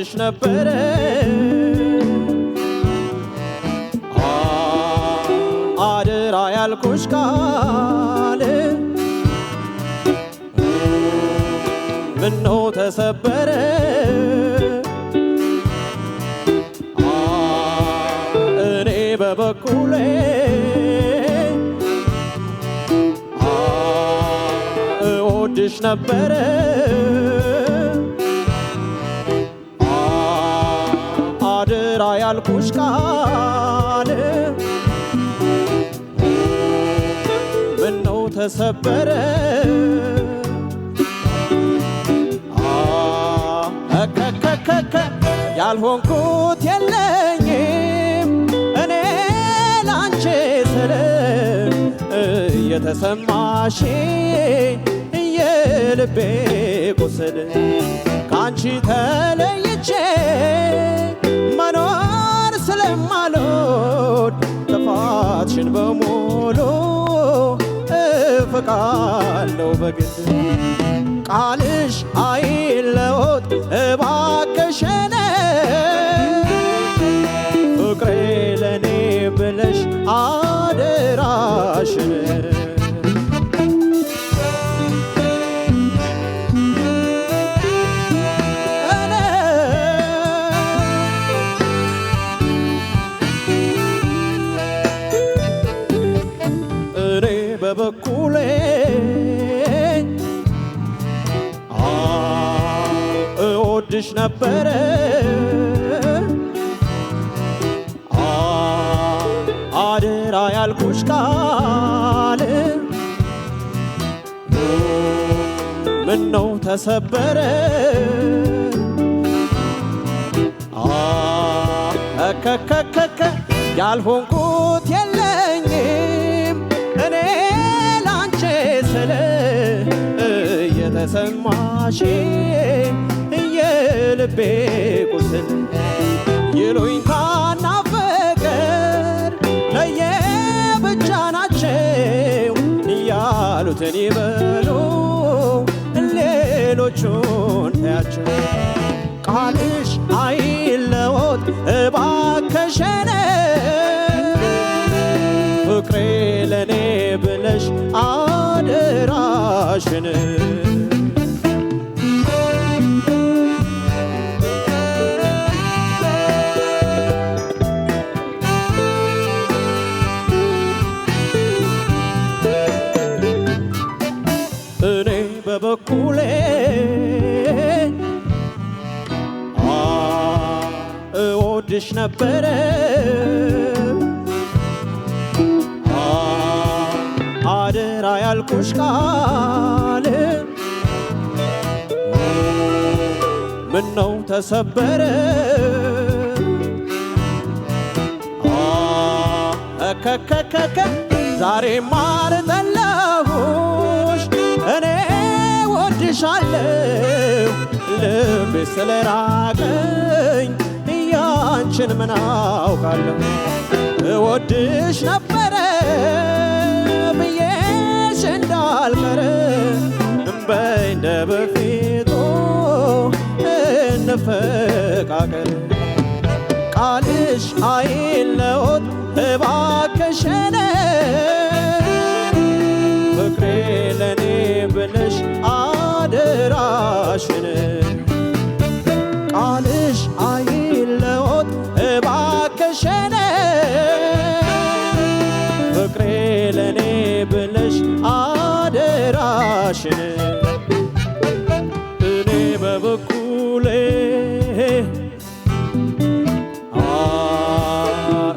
ወድሽ ነበረ አደራ ያልኩሽ ቃል ምነው ተሰበረ እኔ በበኩሌ እወድሽ ነበረ ስራ ያልኩሽ ቃል ነው ተሰበረ ከከከከ ያልሆንኩት የለኝም እኔ ላንቺ ስል እየተሰማሽ የልቤ ቁስል ካንቺ ተለይቼ ስለማልወድ ጥፋትሽን በሙሉ እፈቃለሁ በግድ ቃልሽ አይለወጥ በበኩሌ እወድሽ ነበረ አደራ ያልኩሽ ቃል ምነው ተሰበረ ከከከከ ያልሆንኩት የለ ተሰማሽ የልቤ ቁስል ይሉኝታና ፍቅር ለየብቻ ናቸው እያሉትን ይበሉ ሌሎቹን ታያቸው ቃልሽ አይለወጥ እባከሸነ ፍቅሬ ለኔ ብለሽ አደራሽን እወድሽ ነበረ አደራ ያልኩሽ ቃል ምነው ተሰበረ ከከከከ ዛሬ ማልጠላሁሽ እኔ ወድሻለሁ ልብ ስለራቀኝ አንቺን ምን አውቃለሁ እወድሽ ነበረ ብዬሽ እንዳልቀር እንበይ እንደ በፊቱ እንፈቃቀር ቃልሽ አይለወጥ እባክሽን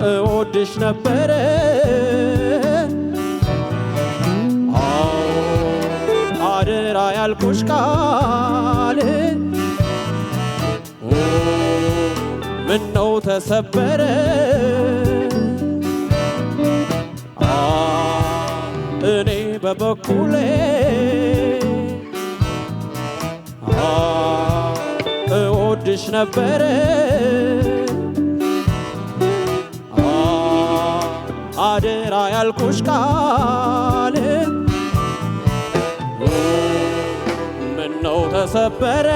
እወድሽ ነበረ አደራ ያልኩሽ ቃል ምነው ተሰበረ እኔ በበኩሌ ወድሽ ነበረ አደራ ያልኩሽ ቃል ምነው ተሰበረ